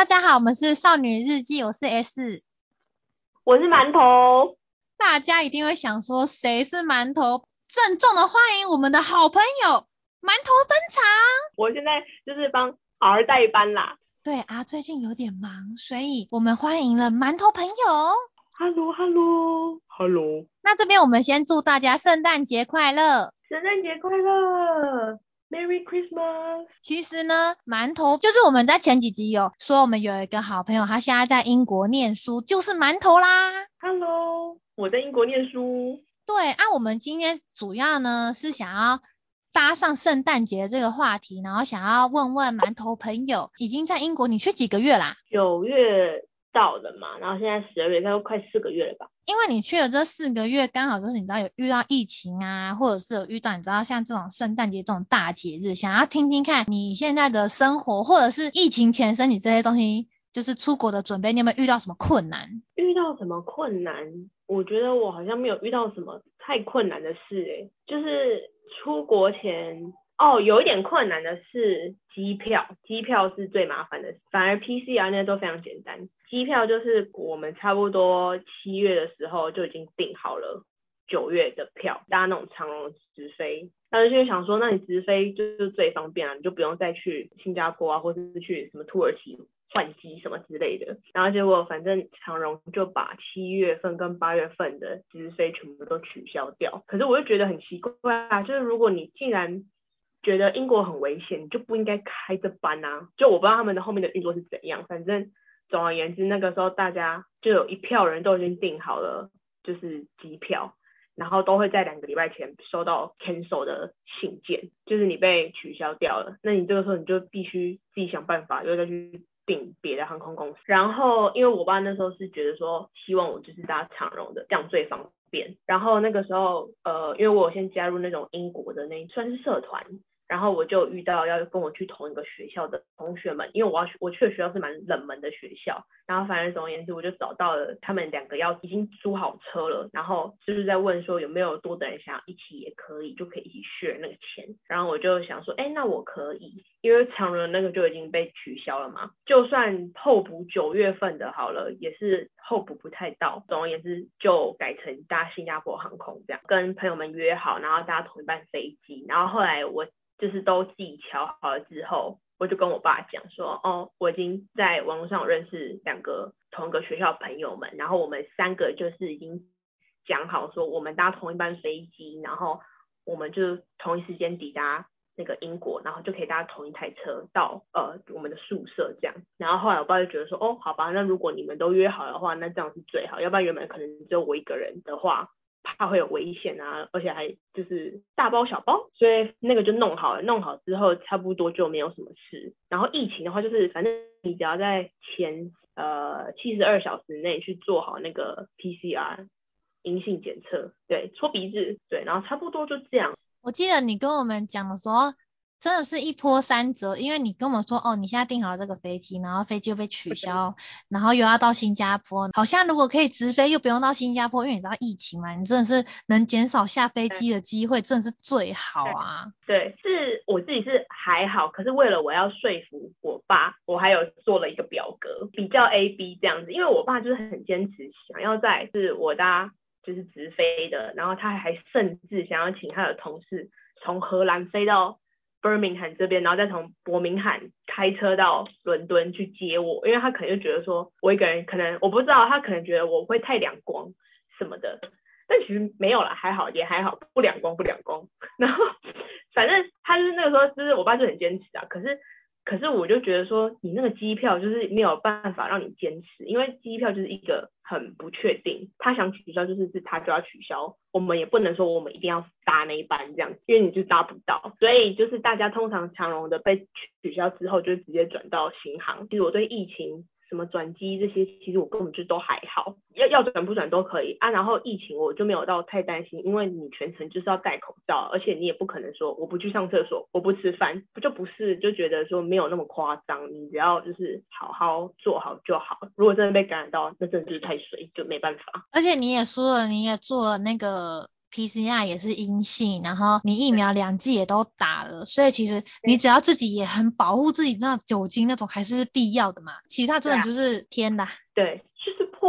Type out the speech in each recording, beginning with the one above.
大家好，我們是少女日記，我是 S。我是饅頭。大家一定會想說，誰是饅頭？鄭重的歡迎我們的好朋友饅頭登場。我現在就是幫 R 代班啦。對啊，最近有點忙，所以我們歡迎了饅頭朋友。Hello，Hello，Hello。那這邊我們先祝大家聖誕節快樂，聖誕節快樂。Merry Christmas！其實呢，饅頭就是我們在前幾集有說，我們有一個好朋友，他現在在英國唸書，就是饅頭啦。Hello，我在英國唸書。對啊，我們今天主要呢是想要搭上聖誕節這個話題，然後想要問問饅頭朋友，已經在英國，你去幾個月啦，啊？九月到的嘛，然後現在十二月，應該都快四個月了吧？因為你去了這四個月，剛好就是你知道有遇到疫情啊，或者是有遇到你知道像這種聖誕節這種大節日，想要聽聽看你現在的生活，或者是疫情前，甚至你這些東西就是出國的準備，你有沒有遇到什麼困難？遇到什麼困難？我覺得我好像沒有遇到什麼太困難的事欸。就是出國前哦，有一點困難的是機票，機票是最麻煩的，反而 PCR 那些都非常簡單。機票就是我們差不多七月的時候就已經訂好了九月的票，搭那種長榮直飛。然後就想說，那你直飛就是最方便了啊，你就不用再去新加坡啊，或者是去什麼土耳其換機什麼之類的。然後結果反正長榮就把七月份跟八月份的直飛全部都取消掉。可是我又覺得很奇怪啊，就是如果你既然覺得英國很危險，你就不應該開這班啊。就我不知道他們的後面的運作是怎樣，反正。總而言之，那個時候大家就有一票人都已經訂好了，就是機票，然後都會在兩個禮拜前收到 cancel 的信件，就是你被取消掉了。那你這個時候你就必須自己想辦法，又再去訂別的航空公司。然後因為我爸那時候是覺得說，希望我就是搭長榮的，這樣最方便。然後那個時候，呃，因為我有先加入那種英國的那算是社團。然後我就遇到要跟我去同一個學校的同學們，因為我要去，我去的學校是蠻冷門的學校。然後反正總而言之，我就找到了他們兩個要已經租好車了，然後就是在問說有沒有多的人想一起也可以，就可以一起學那個錢。然後我就想說，哎，那我可以，因為長榮那個就已經被取消了嘛，就算候補九月份的好了，也是候補不太到。總而言之，就改成搭新加坡航空這樣，跟朋友們約好，然後搭同一班飛機。然後後來我。就是都自己瞧好了之後，我就跟我爸講說，哦，我已經在網絡上有認識兩個同一個學校朋友們，然後我們三個就是已經講好說，我們搭同一班飛機，然後我們就同一時間抵達那個英國，然後就可以搭同一台車到呃我們的宿舍這樣。然後後來我爸就覺得說，哦，好吧，那如果你們都約好的話，那這樣是最好，要不然原本可能只有我一個人的話，怕會有危險啊，而且還就是大包小包，所以那個就弄好了。弄好之後，差不多就沒有什麼事。然後疫情的話，就是反正你只要在前呃七十二小時內去做好那個 PCR 陰性檢測，對，戳鼻子，對，然後差不多就這樣。我記得你跟我們講的時候。真的是一波三折，因為你跟我說哦，你現在訂好了這個飛機，然後飛機又被取消， 然後又要到新加坡，好像如果可以直飛，又不用到新加坡，因為你知道疫情嘛，你真的是能減少下飛機的機會，對真的是最好啊。對，是我自己是還好，可是為了我要說服我爸，我還有做了一個表格，比較 A B 這樣子，因為我爸就是很堅持想要在是我搭就是直飛的，然後他還甚至想要請他的同事從荷蘭飛到。Birmingham 這邊，然後再從伯明翰開車到倫敦去接我，因為他可能就覺得說，我一個人可能我不知道，他可能覺得我會太兩光什麼的，但其實沒有了，還好也還好，不兩光不兩光。然後反正他就是那個時候，就是我爸就很堅持啊，可是。可是我就覺得說，你那個機票就是沒有辦法讓你堅持，因為機票就是一個很不確定，他想取消就是是他就要取消，我們也不能說我們一定要搭那一班這樣子，因為你就搭不到。所以就是大家通常長榮的被取消之後，就直接轉到新航。其實我對疫情。什麼轉機這些，其實我根本就都還好，要要轉不轉都可以啊。然後疫情我就沒有到太擔心，因為你全程就是要戴口罩，而且你也不可能說我不去上廁所，我不吃飯，不就不是就覺得說沒有那麼誇張。你只要就是好好做好就好。如果真的被感染到，那真的就是太衰，就沒辦法。而且你也說了，你也做了那個，PCR 也是陰性，然後你疫苗兩劑也都打了，對所以其實你只要自己也很保護自己，那酒精那種對還是必要的嘛。其實它真的就是天的。對。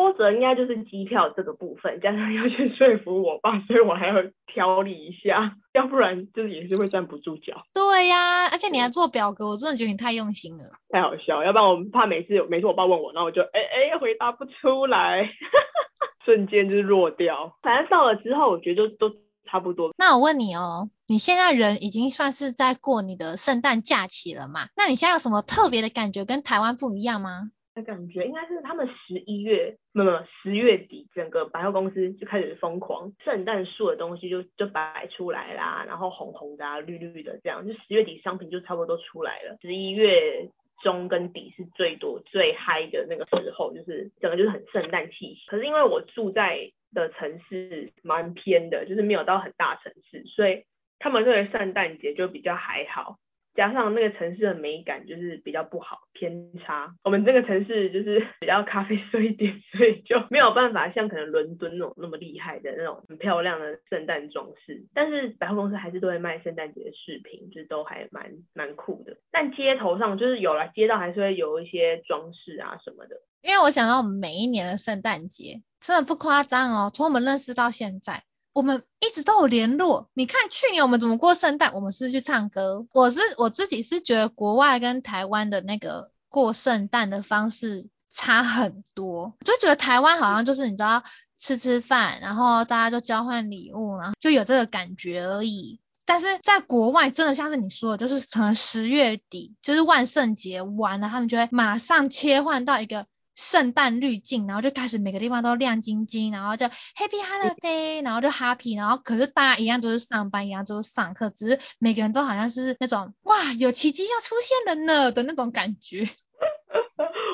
挫折應該就是機票這個部分，加上要去說服我爸，所以我還要調理一下，要不然就是也是會站不住腳。對呀、啊，而且你還做表格，是我真的覺得你太用心了。太好笑，要不然我們怕每次每次我爸問我，然後我就哎哎、欸欸、回答不出來， 瞬間就弱掉。反正到了之後，我覺得就都差不多。那我問你哦，你現在人已經算是在過你的聖誕假期了嘛？那你現在有什麼特別的感覺，跟台灣不一樣嗎？那感覺應該是他們十一月，沒有沒有十月底，整個百貨公司就開始瘋狂，聖誕樹的東西就就擺出來啦，然後紅紅的、啊、綠綠的這樣，就十月底商品，就差不多都出來了。十一月中跟底是最多最嗨的那個時候，就是整個就是很聖誕氣息。可是因為我住在的城市蠻偏的，就是沒有到很大城市，所以他們認為聖誕節就比較還好。加上那個城市的美感就是比較不好偏差，我們這個城市就是比較咖啡色一點，所以就沒有辦法像可能倫敦那種那麼厲害的那種很漂亮的聖誕裝飾。但是百貨公司還是都會賣聖誕節的飾品，就是都還蠻蠻酷的。但街頭上就是有了街道還是會有一些裝飾啊什麼的。因為我想到我們每一年的聖誕節真的不誇張哦，從我們認識到現在。我們一直都有聯絡。你看去年我們怎麼過聖誕？我們是去唱歌。我是我自己是覺得國外跟台灣的那個過聖誕的方式差很多。就覺得台灣好像就是你知道吃吃飯，然後大家就交換禮物，然後就有這個感覺而已。但是在國外真的像是你說的，就是可能十月底就是萬聖節完了，他們就會馬上切換到一個。聖誕濾鏡，然後就開始每個地方都亮晶晶，然後就 Happy Holiday，然後就 Happy，然後可是大家一樣都是上班，一樣都是上課，只是每個人都好像是那種哇有奇蹟要出現了呢的那種感覺。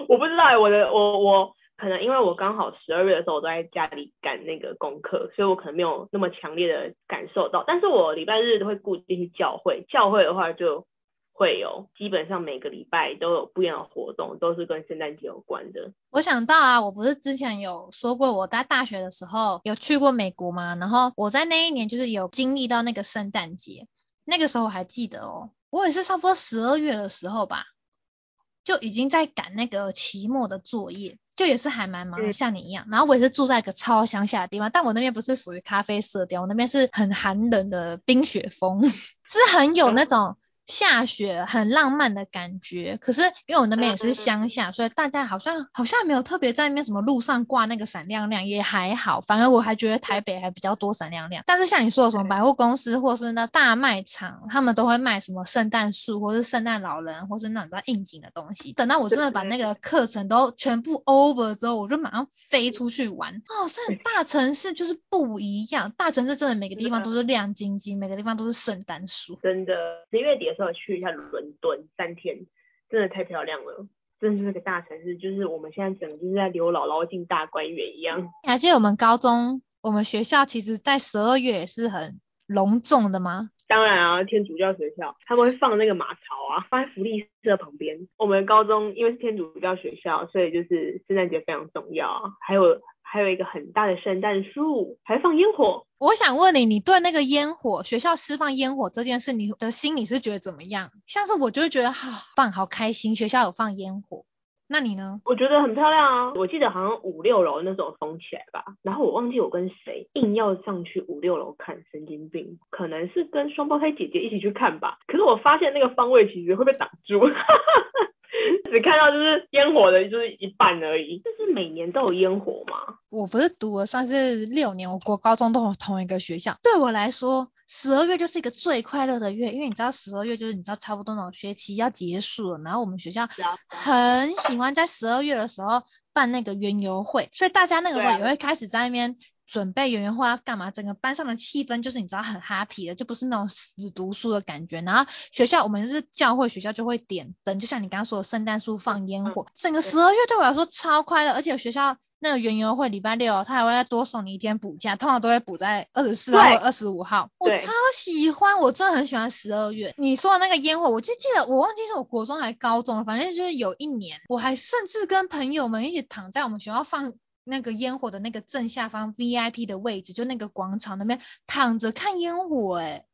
我不知道，我的我我可能因為我剛好十二月的時候我都在家裡趕那個功課，所以我可能沒有那麼強烈的感受到。但是我禮拜日都會固定去教會，教會的話就。會有基本上每個禮拜都有不一樣的活動，都是跟聖誕節有關的。我想到啊，我不是之前有說過我在大學的時候有去過美國嗎？然後我在那一年就是有經歷到那個聖誕節，那個時候我還記得哦，我也是差不多十二月的時候吧，就已經在趕那個期末的作業，就也是還蠻忙的，嗯，像你一樣。然後我也是住在一個超鄉下的地方，但我那邊不是屬於咖啡色調，我那邊是很寒冷的冰雪風， 是很有那種。嗯下雪很浪漫的感覺，可是因為我那邊也是鄉下，嗯嗯、所以大家好像好像沒有特別在那邊什麼路上掛那個閃亮亮，也還好。反而我還覺得台北還比較多閃亮亮。但是像你說的什麼百貨公司或是那大賣場，嗯、他們都會賣什麼聖誕樹或是聖誕老人或是那種比較應景的東西。等到我真的把那個課程都全部 over 之後，我就馬上飛出去玩啊！這、哦、大城市就是不一樣，大城市真的每個地方都是亮晶晶，嗯、每個地方都是聖誕樹。真的十一月底。要去一下倫敦三天，真的太漂亮了！真的是一個大城市，就是我們現在整個就是在劉姥姥進大觀園一樣。你還記得我們高中，我們學校其實在十二月也是很隆重的嗎？當然啊，天主教學校他們會放那個馬槽啊，放在福利社旁邊。我們高中因為是天主教學校，所以就是聖誕節非常重要，還有。還有一個很大的聖誕樹，還放煙火。我想問你，你對那個煙火，學校施放煙火這件事，你的心裡是覺得怎麼樣？像是我就會覺得好棒、好開心，學校有放煙火。那你呢？我覺得很漂亮啊、哦，我記得好像五六樓那時候封起來吧，然後我忘記我跟誰硬要上去五六樓看，神經病！可能是跟雙胞胎姐姐一起去看吧，可是我發現那個方位其實會被擋住。 只看到就是煙火的，就是一半而已。就是每年都有煙火嗎？我不是讀了算是六年，我國高中都有同一個學校。對我來說，十二月就是一個最快樂的月，因為你知道十二月就是你知道差不多那種學期要結束了，然後我們學校很喜歡在十二月的時候辦那個園遊會，所以大家那個時候也會開始在那邊。準備園遊會要幹嘛？整個班上的氣氛就是你知道很 happy 的，就不是那種死讀書的感覺。然後學校我們是教會學校，就會點燈，就像你剛剛說的聖誕樹放煙火，嗯、整個十二月對我來說超快樂。嗯、而且學校那個園遊會禮拜六，他還會再多送你一天補假，通常都會補在二十四號或二十五號。對我超喜歡，對我真的很喜歡十二月。你說的那個煙火，我就記得我忘記是我國中還是高中了，反正就是有一年，我還甚至跟朋友們一起躺在我們學校放。那個煙火的那個正下方 VIP 的位置，就那個廣場那邊躺着看煙火欸，哎，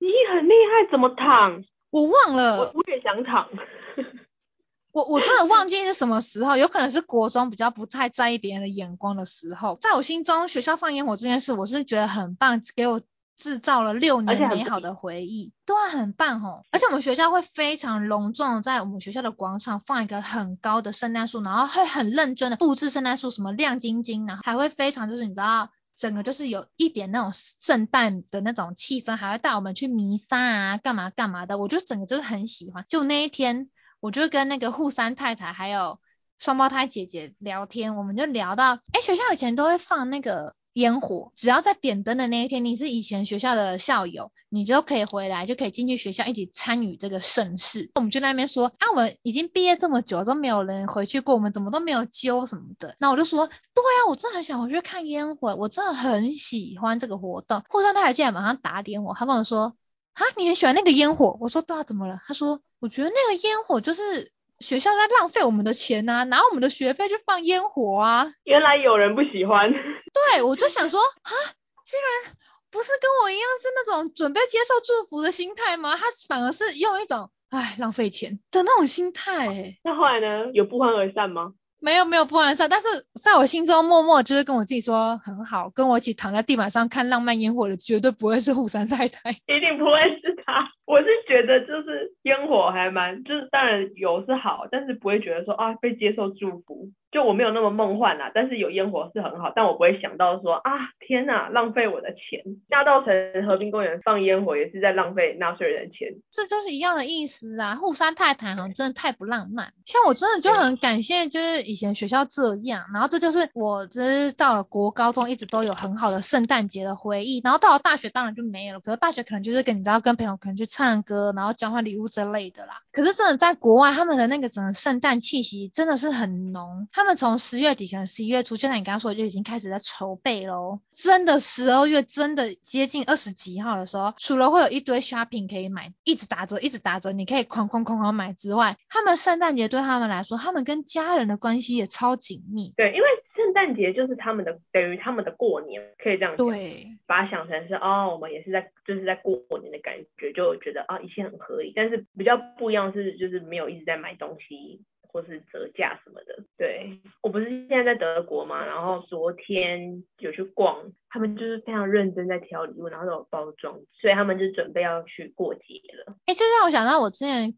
你很厲害，怎麼躺？我忘了。我，我也想躺， 我我真的忘記是什麼時候，有可能是國中比較不太在意別人的眼光的時候，在我心中，學校放煙火這件事，我是覺得很棒，給我。製造了六年美好的回憶，對啊，很棒哦。而且我們學校會非常隆重，在我們學校的廣場放一個很高的聖誕樹，然後會很認真的布置聖誕樹，什麼亮晶晶，然後還會非常就是你知道，整個就是有一點那種聖誕的那種氣氛，還會帶我們去彌撒啊，幹嘛幹嘛的，我就整個就是很喜歡。就那一天，我就跟那個戶山太太還有雙胞胎姐姐聊天，我們就聊到，誒，學校以前都會放那個。煙火，只要在點燈的那一天，你是以前學校的校友，你就可以回來，就可以進去學校一起參與這個盛事。我們就在那邊說，啊，我們已經畢業這麼久都沒有人回去過，我們怎麼都沒有揪什麼的。那我就說，對啊，我真的很想回去看煙火，我真的很喜歡這個活動。或者說他還進來馬上打臉我，他跟我說，啊，你很喜歡那個煙火？我說，對啊，怎麼了？他說，我覺得那個煙火就是。學校在浪費我們的錢吶、啊，拿我們的學費去放煙火啊！原來有人不喜歡。對，我就想說，啊， 竟然不是跟我一樣是那種準備接受祝福的心態嗎？他反而是用一種，唉，浪費錢的那種心態、欸啊。那後來呢？有不歡而散嗎？沒有沒有不完善，但是在我心中默默就是跟我自己說，很好，跟我一起躺在地板上看浪漫煙火的絕對不會是護山太太，一定不會是他。我是覺得就是煙火還蠻，就是當然有是好，但是不會覺得說啊，被接受祝福。就我沒有那麼夢幻啦、啊，但是有煙火是很好，但我不會想到說啊，天哪、啊，浪費我的錢！大稻埕河濱公園放煙火也是在浪費納稅人錢，這就是一樣的意思啊。護山太太好像真的太不浪漫，像我真的就很感謝，就是以前學校這樣，對然後這就是我，就是到了國高中一直都有很好的聖誕節的回憶，然後到了大學當然就沒有了，可是大學可能就是跟你知道跟朋友可能去唱歌，然後交換禮物之類的啦。可是真的在國外，他們的那個整個聖誕氣息真的是很濃。他們從十月底，可能十一月初，就像你剛剛說，就已經開始在籌備了。真的十二月真的接近二十幾號的時候，除了會有一堆 shopping 可以買，一直打折，一直打折，你可以哐哐哐哐買之外，他們聖誕節對他們來說，他們跟家人的關係也超緊密。對，因為聖誕節就是他們的，等於他們的過年，可以這樣對，把它想成是哦，我們也是在就是在過年的感覺，就覺得啊、哦，一切很合理。但是比較不一樣是，就是沒有一直在買東西。或是折價什麼的，對，我不是現在在德國嘛，然後昨天有去逛，他們就是非常認真在挑禮物，然後都有包裝，所以他們就準備要去過節了。哎、欸，這讓我想到我之前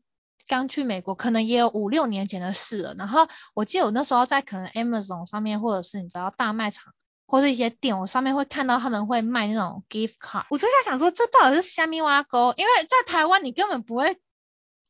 剛去美國，可能也有五六年前的事了。然後我記得我那時候在可能 Amazon 上面，或者是你知道大賣場或是一些店，我上面會看到他們會賣那種 gift card。我就在想說，這到底是蝦米碗糕？因為在台灣你根本不會。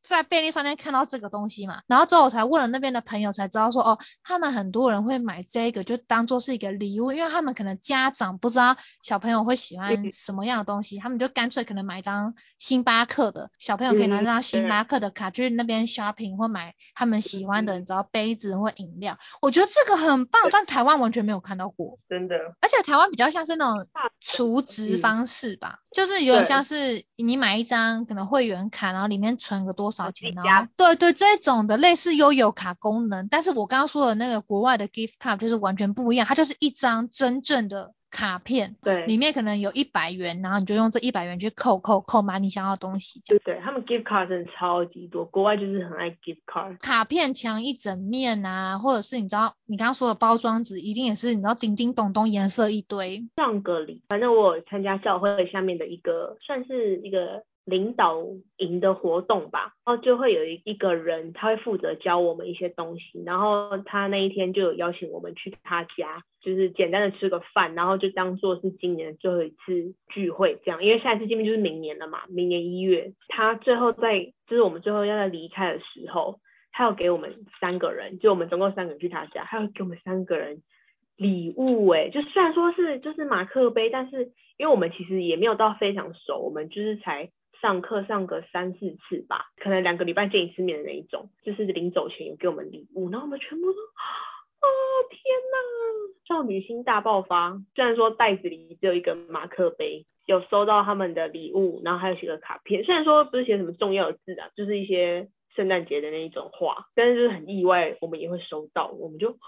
在便利商店看到這個東西嘛，然後之後我才問了那邊的朋友，才知道說哦，他們很多人會買這個，就當做是一個禮物，因為他們可能家長不知道小朋友會喜歡什麼樣的東西，他們就乾脆可能買一張星巴克的，小朋友可以拿一張星巴克的卡，嗯，去那邊 shopping 對或買他們喜歡的，你知道杯子或飲料。我覺得這個很棒，對但台灣完全沒有看到過，真的。而且台灣比較像是那種大，儲值方式吧，嗯、就是有點像是你買一張可能會員卡，對然後裡面存個多少錢呢？喔？對，對對，這種的類似悠遊卡功能，但是我剛剛說的那個國外的 gift card 就是完全不一樣，它就是一張真正的。卡片對，裡面可能有一百元，然後你就用這一百元去扣扣扣買你想要的東西。對對，他們 gift card 真的超級多，國外就是很愛 gift card，卡片牆一整面啊，或者是你知道你剛剛說的包裝紙，一定也是你知道叮叮咚咚顏色一堆。上個禮，反正我有參加教會下面的一個，算是一個。領導營的活動吧，然後就會有一一個人，他會負責教我們一些東西。然後他那一天就有邀請我們去他家，就是簡單的吃個飯，然後就當做是今年的最後一次聚會這樣，因為下一次見面就是明年了嘛。明年一月，他最後在，就是我們最後要在離開的時候，他要給我們三個人，就我們總共三個人去他家，他要給我們三個人禮物哎、欸，就雖然說是就是馬克杯，但是因為我們其實也沒有到非常熟，我們就是才。上課上個三四次吧，可能兩個禮拜見一次面的那一種，就是臨走前有給我們禮物，然後我們全部都說啊、哦、天吶，少女心大爆發！雖然說袋子裡只有一個馬克杯，有收到他們的禮物，然後還有寫個卡片，雖然說不是寫什麼重要的字啊，就是一些聖誕節的那一種話，但是就是很意外，我們也會收到，我們就。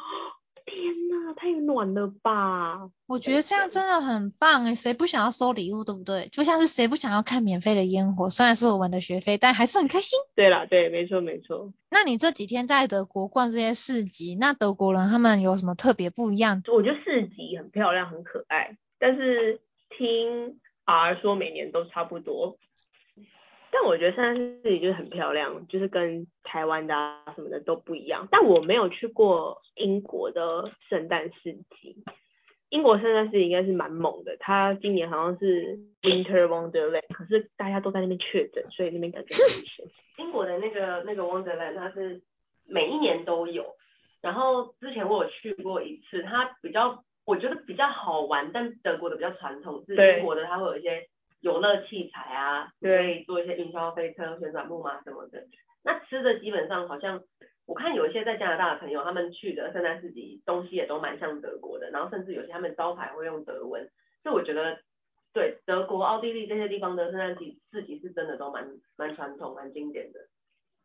天吶，太暖了吧！我覺得這樣真的很棒哎，欸，誰不想要收禮物對不對？就像是誰不想要看免費的煙火，雖然是我們的學費，但還是很開心。對了對，沒錯沒錯。那你這幾天在德國逛這些市集，那德國人他們有什麼特別不一樣？我覺得市集很漂亮，很可愛，但是聽 R 說每年都差不多。但我覺得聖誕市集就是很漂亮，就是跟台灣的、啊、什麼的都不一樣。但我沒有去過英國的聖誕市集，英國聖誕市集應該是蠻猛的。它今年好像是 Winter Wonderland，可是大家都在那邊確診，所以那邊感覺很危險。英國的那個那個 Wonderland，它是每一年都有。然後之前我有去過一次，它比較我覺得比較好玩，但德國的比較傳統，是英國的它會有一些。遊樂器材啊，對，做一些雲霄飛車、旋轉木馬什麼的。那吃的基本上好像，我看有一些在加拿大的朋友，他們去的聖誕市集東西也都蠻像德國的，然後甚至有些他們招牌會用德文。所以我覺得，對德國、奧地利這些地方的聖誕市集是真的都蠻蠻傳統、蠻經典的。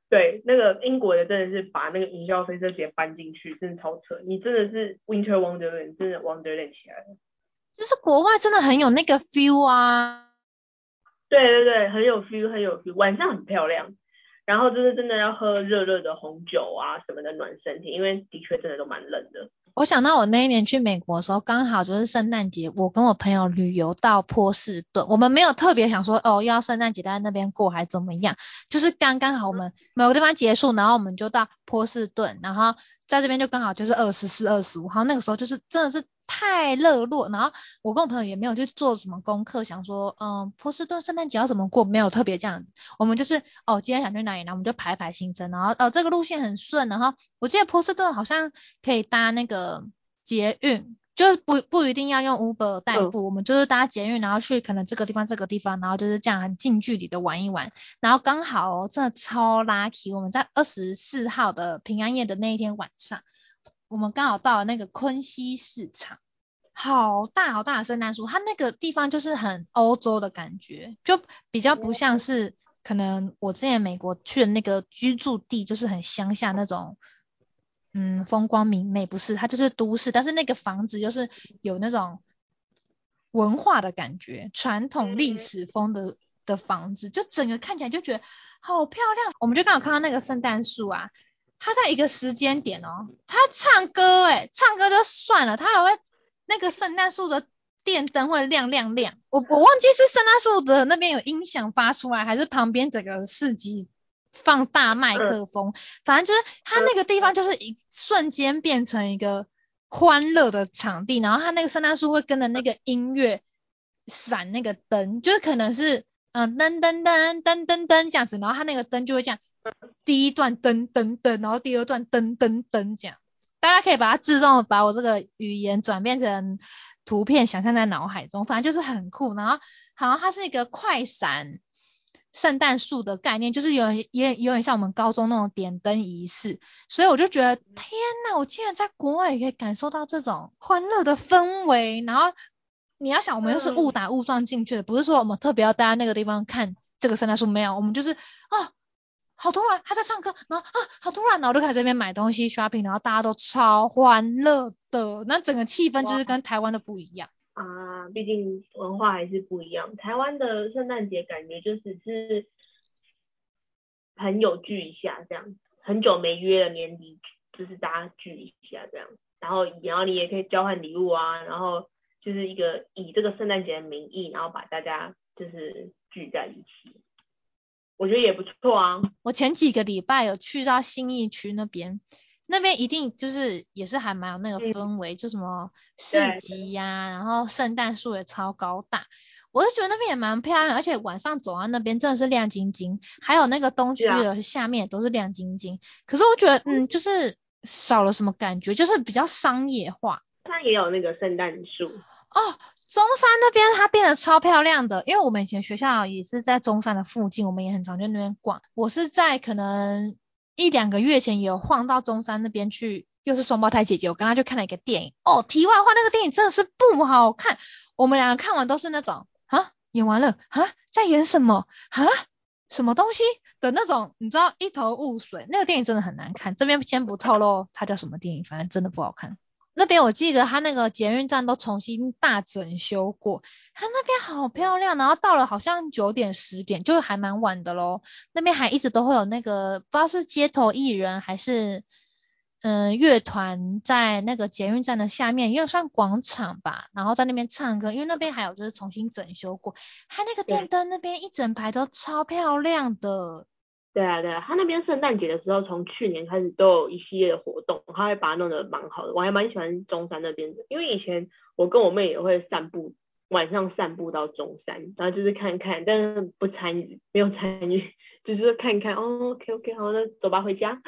對，那個英國的真的是把那個雲霄飛車直接搬進去，真的超扯。你真的是 Winter Wonderland，真的 Wonderland 起來了。就是國外真的很有那個 feel 啊。對對對，很有 feel，很有 feel，晚上很漂亮。然後就是真的要喝熱熱的紅酒啊什麼的暖身體，因為的確真的都蠻冷的。我想到我那一年去美國的時候，剛好就是聖誕節，我跟我朋友旅遊到波士頓，我們沒有特別想說哦要聖誕節在那邊過還是怎麼樣，就是剛剛好我們某個地方結束，嗯、然後我們就到波士頓，然後。在這邊就剛好就是二十四、二十五號，然後那個時候就是真的是太熱絡，然後我跟我朋友也沒有去做什麼功課，想說，嗯，波士頓聖誕節要怎麼過，沒有特別這樣，我們就是哦今天想去哪裡呢，然後我們就排排行程，然後哦這個路線很順，然後我記得波士頓好像可以搭那個捷運。就是不不一定要用 Uber 代步。嗯、我們就是搭捷運，然後去可能這個地方這個地方，然後就是這樣很近距離的玩一玩，然後剛好真的超 lucky，我們在二十四號的平安夜的那一天晚上，我們剛好到了那個昆西市場，好大好大的聖誕樹，它那個地方就是很歐洲的感覺，就比較不像是可能我之前美國去的那個居住地，就是很鄉下那種。嗯，風光明媚不是，它就是都市，但是那個房子，就是有那種文化的感覺，傳統歷史風的的房子，就整個看起來就覺得好漂亮。我們就剛好看到那個聖誕樹啊，它在一個時間點哦，它唱歌誒、欸、唱歌就算了，它還會那個聖誕樹的電燈會亮亮亮。我我忘記是聖誕樹的那邊有音響發出來，還是旁邊整個市集。放大麥克風，反正就是它那個地方就是一瞬間變成一個歡樂的場地，然後它那個聖誕樹會跟着那個音樂閃那個燈，就是可能是嗯噔噔噔，噔噔噔噔噔噔這樣子，然後它那個燈就會這樣第一段噔噔噔，然後第二段噔噔噔這樣，大家可以把它自動把我這個語言轉變成圖片，想象在腦海中，反正就是很酷，然後好像它是一個快閃。聖誕樹的概念，就是有也有點像我們高中那種點燈儀式，所以我就覺得天吶，我竟然在國外也可以感受到這種歡樂的氛圍。然後你要想，我們又是誤打誤撞進去的，不是說我們特別要待在那個地方看這個聖誕樹，沒有，我們就是啊，好突然他在唱歌，然後啊，好突然，然後就在這邊買東西 shopping，然後大家都超歡樂的，那整個氣氛就是跟台灣的不一樣啊。畢竟文化還是不一樣，台灣的聖誕節感覺就只是朋友、就是、聚一下這樣，很久沒約了，年底就是大家聚一下這樣，然後然後你也可以交換禮物啊，然後就是一個以這個聖誕節的名義，然後把大家就是聚在一起，我覺得也不錯啊。我前幾個禮拜有去到信義區那邊。那邊一定就是也是還蠻有那個氛圍，嗯、就什麼市集呀、啊，對然後聖誕樹也超高大，我是覺得那邊也蠻漂亮，而且晚上走到那邊真的是亮晶晶，還有那個東區的下面也都是亮晶晶。啊、可是我覺得嗯，嗯，就是少了什麼感覺，就是比較商業化。它也有那個聖誕樹哦，中山那邊它變得超漂亮的，因為我們以前學校也是在中山的附近，我們也很常去那邊逛。我是在可能。一兩個月前也有晃到中山那邊去，又是雙胞胎姐姐。我跟她就看了一個電影，哦，題外話，那個電影真的是不好看。我們兩個看完都是那種啊，演完了啊，在演什麼啊，什麼東西的那種，你知道，一頭霧水。那個電影真的很難看，這邊先不透露它叫什麼電影，反正真的不好看。那邊我記得他那個捷運站都重新大整修過，他那邊好漂亮。然後到了好像九點十點就還蠻晚的咯。那邊還一直都會有那個不知道是街頭藝人還是嗯樂團在那個捷運站的下面，因為算廣場吧，然後在那邊唱歌。因為那邊還有就是重新整修過，他那個電燈那邊一整排都超漂亮的。對啊，對啊，對，他那邊聖誕節的時候，從去年開始都有一系列的活動，他會把它弄得蠻好的。我還蠻喜歡中山那邊的，因為以前我跟我妹也會散步，晚上散步到中山，然後就是看看，但是不參與，沒有參與，就是看看。哦，OK OK，好，那走吧，回家。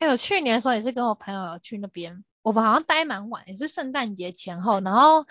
還 有、欸、去年的時候也是跟我朋友有去那邊，我們好像待蠻晚，也是聖誕節前後，然後。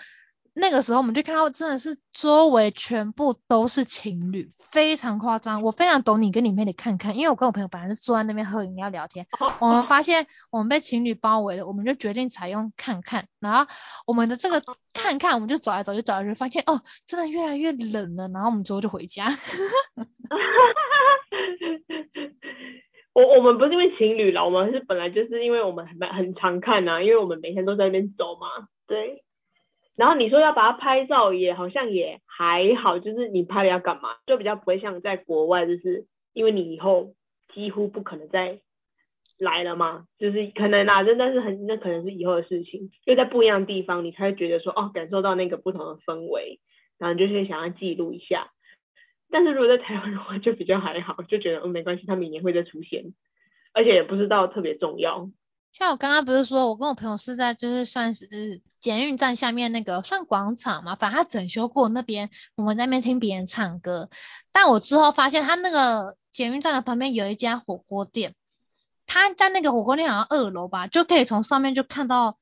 那個時候我們就看到真的是周圍全部都是情侶，非常誇張。我非常懂你跟你妹的看看，因為我跟我朋友本來是坐在那邊喝飲料聊天，Oh. 我們發現我們被情侶包圍了，我們就決定採用看看。然後我們的這個看看，我們就走來走去走來，就發現哦，真的越來越冷了。然後我們之後就回家。哈哈哈哈哈。 我我們不是因為情侶了，我們是本來就是因為我們很很常看啊，因為我們每天都在那邊走嘛。對。然後你說要把它拍照，也好像也還好，就是你拍了要幹嘛？就比較不會像在國外，就是因為你以後幾乎不可能再來了嘛，就是可能啦，真的是很，那可能是以後的事情，就在不一樣的地方，你才會覺得說哦，感受到那個不同的氛圍，然後你就是想要記錄一下。但是如果在台灣的話，就比較還好，就覺得哦沒關係，它明年會再出現，而且也不知道特別重要。像我剛剛不是說，我跟我朋友是在就是算是捷運站下面那個算廣場嘛，反正他整修過那邊，我們在那邊聽別人唱歌。但我之後發現，他那個捷運站的旁邊有一家火鍋店，他在那個火鍋店好像二樓吧，就可以從上面就看到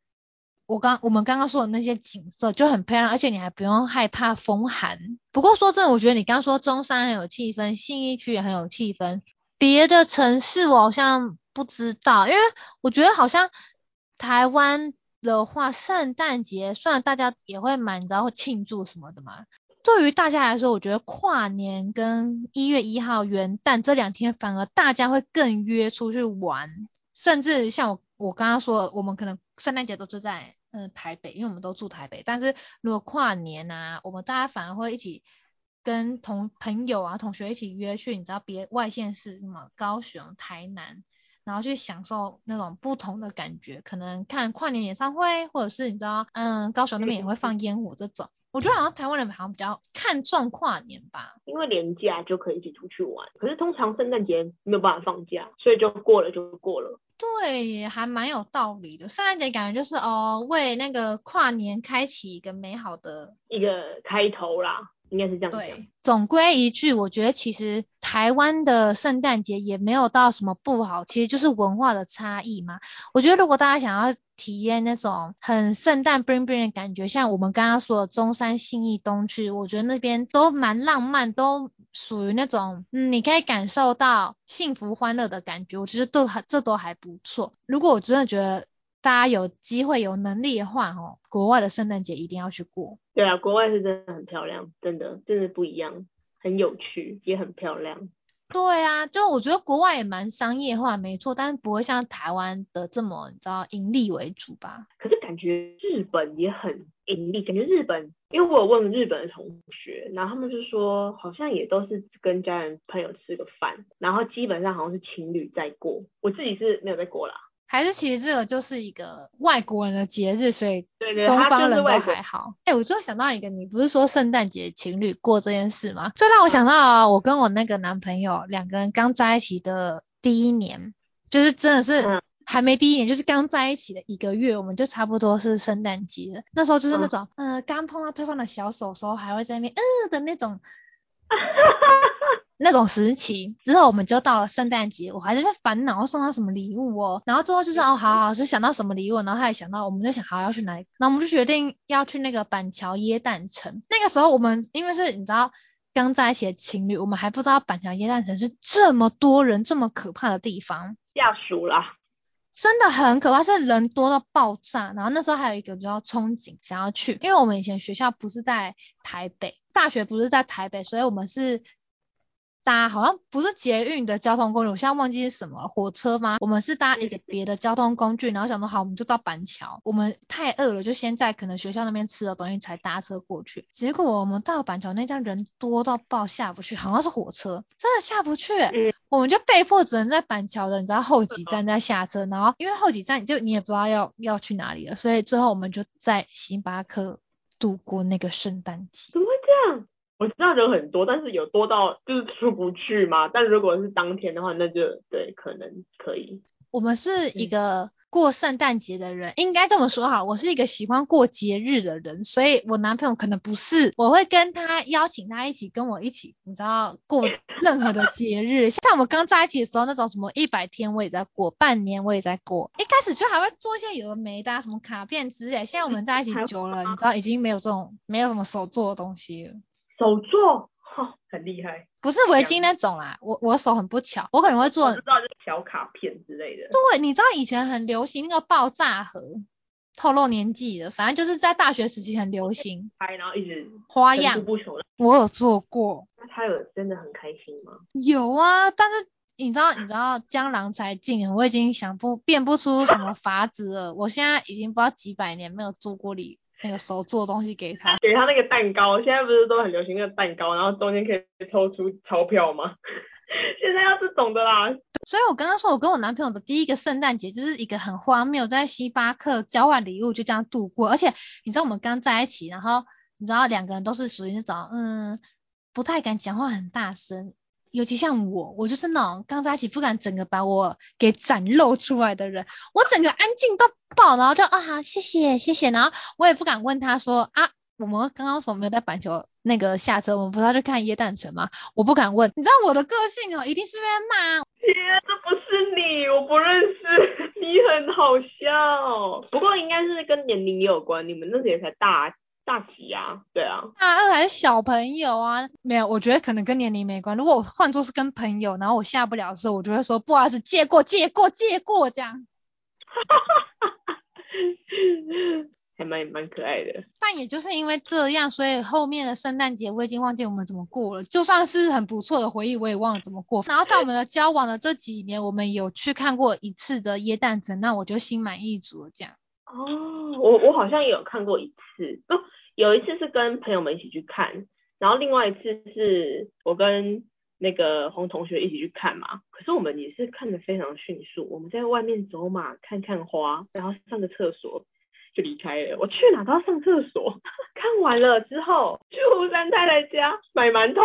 我剛我們剛剛說的那些景色，就很漂亮，而且你還不用害怕風寒。不過說真的，我覺得你剛剛說中山很有氣氛，信義區也很有氣氛，別的城市我好像。不知道，因為我覺得好像台灣的話，聖誕節算了大家也會蠻知道會慶祝什麼的嘛，對於大家來說，我覺得跨年跟一月一號元旦這兩天，反而大家會更約出去玩，甚至像我我剛剛說的，我們可能聖誕節都是在嗯、呃、台北，因為我們都住台北，但是如果跨年啊，我們大家反而會一起跟同朋友啊同學一起約去，你知道別外縣市什麼高雄、台南，然後去享受那種不同的感覺，可能看跨年演唱會，或者是你知道，嗯，高雄那邊也會放煙火這種。我覺得好像台灣人好像比較看重跨年吧，因為連假就可以一起出去玩。可是通常聖誕節沒有辦法放假，所以就過了就過了。對，還蠻有道理的。聖誕節感覺就是哦，為那個跨年開啟一個美好的一個開頭啦。應該是這樣。對，總歸一句，我覺得其實臺灣的聖誕節也沒有到什麼不好，其實就是文化的差異嘛。我覺得如果大家想要體驗那種很聖誕 bling bling 的感覺，像我們剛剛說的中山信義東區，我覺得那邊都蠻浪漫，都屬於那種，嗯，你可以感受到幸福歡樂的感覺。我覺得都還，這都還不錯。如果我真的覺得。大家有機會有能力的話，哦，吼，國外的聖誕節一定要去過。對啊，國外是真的很漂亮，真的真的不一樣，很有趣，也很漂亮。對啊，就我覺得國外也蠻商業化，沒錯，但是不會像台灣的這麼你知道盈利為主吧？可是感覺日本也很盈利，感覺日本，因為我有問過日本的同學，然後他們是說好像也都是跟家人朋友吃個飯，然後基本上好像是情侶在過，我自己是沒有在過啦。還是其實這個就是一個外國人的節日，所以東方人都還好。哎，我最後想到一個，你不是說聖誕節情侶過這件事嗎？這讓我想到啊，我跟我那個男朋友兩個人剛在一起的第一年，就是真的是還沒第一年，就是剛在一起的一個月，我們就差不多是聖誕節了。那時候就是那種、嗯、呃剛碰到對方的小手時候，還會在那邊嗯的那種。哈哈哈。那種時期之後，我們就到了聖誕節，我還在那煩惱送他什麼禮物哦。然後之後就是哦，好好，好，是想到什麼禮物，然後他也想到，我們就想好，好要去哪裡，然後我們就決定要去那個板橋耶誕城。那個時候我們因為是你知道剛在一起的情侶，我們還不知道板橋耶誕城是這麼多人這麼可怕的地方，要熟了，真的很可怕，是人多到爆炸。然後那時候還有一個比較憧憬想要去，因為我們以前學校不是在台北，大學不是在台北，所以我們是。搭好像不是捷運的交通工具，我現在忘記是什麼火車嗎？我們是搭一個別的交通工具，然後想說好，我們就到板橋，我們太餓了，就先在可能學校那邊吃了東西才搭車過去。結果我們到板橋那站人多到爆，下不去，好像是火車，真的下不去，嗯、我們就被迫只能在板橋的你知道後幾站再下車，然後因為後幾站你就，你也不知道要要去哪裡了，所以之後我們就在星巴克度過那個聖誕節。怎麼會這樣？我知道人很多，但是有多到就是出不去嘛？但如果是當天的話，那就對，可能可以。我們是一個過聖誕節的人，是應該這麼說哈。我是一個喜歡過節日的人，所以我男朋友可能不是。我會跟他邀請他一起跟我一起，你知道過任何的節日。 像我們剛在一起的時候，那種什麼一百天我也在過，半年我也在過。一開始就還會做一些有的沒的、啊，什麼卡片之類。現在我們在一起久了，啊、你知道已經沒有這種，沒有什麼手做的東西了。手作，哦，很厲害，不是圍巾那種啦。常我我手很不巧，我可能會做，不知道就是，小卡片之類的。對，你知道以前很流行那個爆炸盒，透露年紀的，反正就是在大學時期很流行。然後一直花樣，我有做過。那他有真的很開心嗎？有啊，但是你知道你知道江郎才盡，我已經想不變不出什麼法子了。啊，我現在已經不知道幾百年沒有做過禮。那個時候做東西給他，給他那個蛋糕。現在不是都很流行那個蛋糕，然後中間可以抽出鈔票嗎？ 現在要這種的啦。對，所以我剛剛說，我跟我男朋友的第一個聖誕節就是一個很荒謬，在星巴克交換禮物就這樣度過。而且你知道我們剛剛在一起，然後你知道兩個人都是屬於那種嗯不太敢講話很大聲。尤其像我，我就是那種剛在一起不敢整個把我給展露出來的人，我整個安靜到爆，然後就啊、哦、好，謝謝謝謝，然後我也不敢問他說啊，我們剛剛說沒有在板橋，那個下車，我們不是要去看耶誕城嗎？我不敢問，你知道我的個性哦，一定是被罵。啊，天啊，這不是你，我不認識，你很好笑。不過應該是跟年齡有關，你們那時候才大啊。大體啊，對啊。那還是小朋友啊，沒有，我覺得可能跟年齡沒關。如果我換作是跟朋友，然後我下不了的時候，我就會說，不好意思，借過，借過，借過這樣。哈哈哈。還蠻蠻可愛的。但也就是因為這樣，所以後面的聖誕節我已經忘記我們怎麼過了，就算是很不錯的回憶，我也忘了怎麼過。然後在我們的交往的這幾年，我們有去看過一次的耶誕城，那我就心滿意足了這樣。哦，我我好像也有看過一次，哦，有一次是跟朋友們一起去看，然後另外一次是我跟那個紅同學一起去看嘛。可是我們也是看得非常的迅速，我們在外面走馬看看花，然後上個廁所就離開了。我去哪都要上廁所，看完了之後去胡三太太家買饅頭。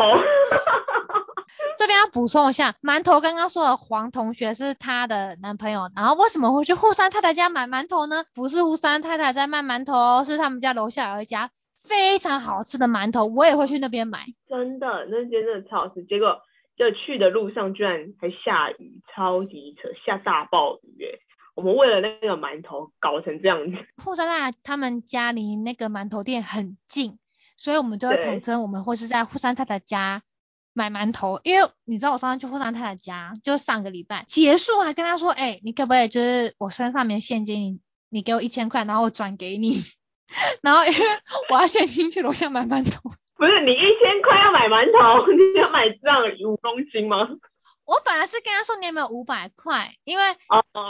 嗯、這邊要補充一下，饅頭剛剛說的黃同學是他的男朋友。然後為什麼會去戶山太太家買饅頭呢？不是戶山太太在賣饅頭，是他們家樓下有一家非常好吃的饅頭，我也會去那邊買。真的，那邊真的超好吃。結果就去的路上居然還下雨，超級扯，下大暴雨哎！我們為了那個饅頭搞成這樣子。戶山太太他們家離那個饅頭店很近，所以我們都會統稱我們或是在戶山太太家買饅頭，因為你知道我上次去霍尚他的家，就上個禮拜結束還跟他說，哎、欸，你可不可以就是我身上沒現金，你給我一千塊，然後我轉給你，然後因為我要現金去樓下買饅頭。不是你一千塊要買饅頭？你要買這樣五公斤嗎？我本來是跟他說你有沒有五百塊，因為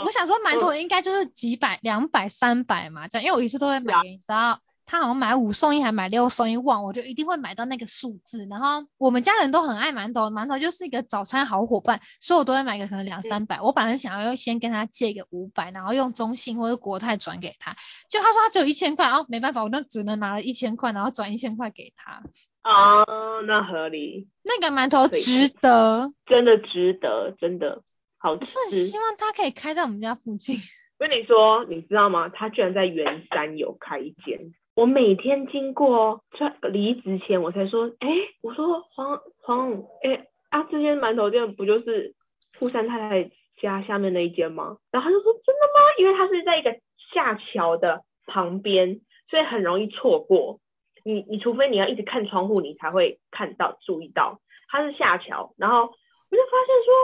我想說饅頭應該就是幾百、兩百、三百嘛這樣，因為我一次都會買給你知道。啊他好像買五送一，還買六送一望，忘我就一定會買到那個數字。然後我們家人都很愛饅頭，饅頭就是一個早餐好夥伴，所以我都會買個可能兩三百。嗯、我本來想要先跟他借一個五百，然後用中信或是國泰轉給他。就他說他只有一千塊啊、哦，沒辦法，我就只能拿了一千塊，然後轉一千塊給他。啊、哦，那合理。那個饅頭對值得，真的值得，真的好吃。我真的很希望他可以開在我們家附近。跟你說，你知道嗎？他居然在圓山有開一間。我每天經過，才離職前我才說，哎、欸，我說黃黃，哎、欸、啊，這間饅頭店不就是富山太太家下面那一間嗎？然後他就說真的嗎？因為他是在一個下橋的旁邊，所以很容易錯過。你你除非你要一直看窗戶，你才會看到注意到它是下橋。然後我就發現說，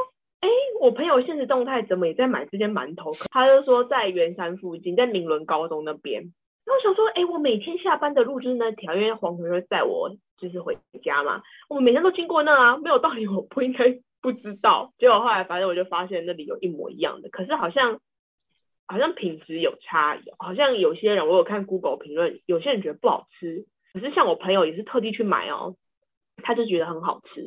哎、欸，我朋友限時動態怎麼也在買這間饅頭？他就說在圓山附近，在明倫高中那邊。那我想說，哎，我每天下班的路就是那條，因為黃哥會帶我，就是回家嘛。我們每天都經過那啊，沒有道理我不應該不知道。結果後來，反正我就發現那裡有一模一樣的，可是好像好像品質有差，好像有些人我有看 Google 評論，有些人覺得不好吃，可是像我朋友也是特地去買哦，他就覺得很好吃，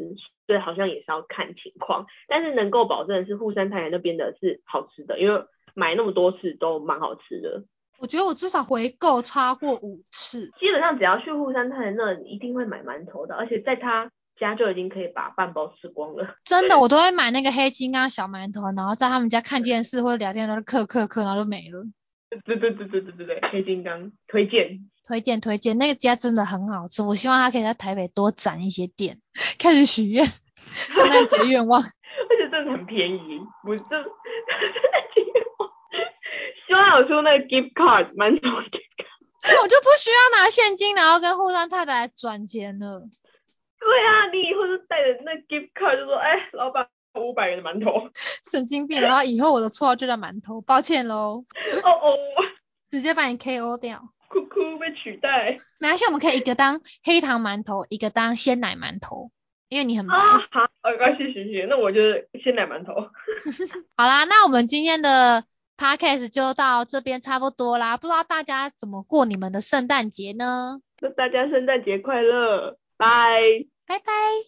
所以好像也是要看情況。但是能夠保證是富山太太那邊的是好吃的，因為買那麼多次都蠻好吃的。我覺得我至少回購超過五次，基本上只要去富山太太那，一定會買饅頭的，而且在他家就已經可以把半包吃光了。真的，對我都會買那個黑金剛小饅頭，然後在他們家看電視或者聊天都是嗑嗑嗑，然後就沒了。對對對對對對對，黑金剛推薦，推薦推薦，那個家真的很好吃，我希望他可以在台北多展一些店，開始許願，聖誕節願望， 而且真的很便宜，不是。 剛剛有出那個 gift card 饅頭的 gift card，這我就不需要拿現金，然後跟滬上太太轉錢了。對啊，你以後就帶着那 gift card 就說，哎，老闆，五百元的饅頭。神經病，然後以後我的綽號就叫饅頭，抱歉嘍。哦哦，直接把你 KO 掉。哭哭，被取代。沒關係，我們可以一個當黑糖饅頭，一個當鮮奶饅頭，因為你很忙。好、啊，啊謝謝謝謝，那我就鮮奶饅頭。 好啦，那我們今天的。Podcast 就到這邊差不多啦，不知道大家怎麼過你們的聖誕節呢？祝大家聖誕節快樂，拜拜拜。Bye bye